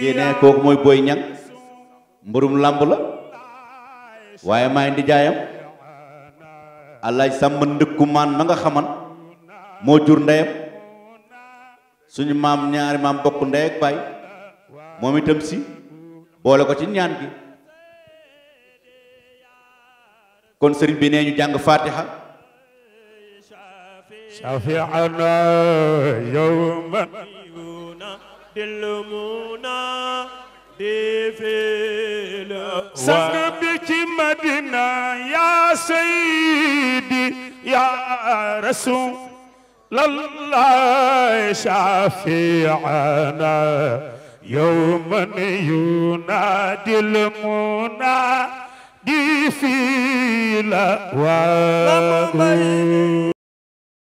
kii nee kooku mooy Boy Niang mbërum làmb la waaye maay ndi jaayam alaaj sàmm ndëkku maan ma nga xaman moo jur ndeyam suñu maam ñaari maam bokk ndey ak baay moom itam si boole ko ci ñaan gi kon sëriñ bi nee ñu jàng fatiha shafi'ana yawman دلمونا دي في سنبك مدينة يا سيدي يا رسول الله شافعنا يوما ينادي المنادي في الأهوال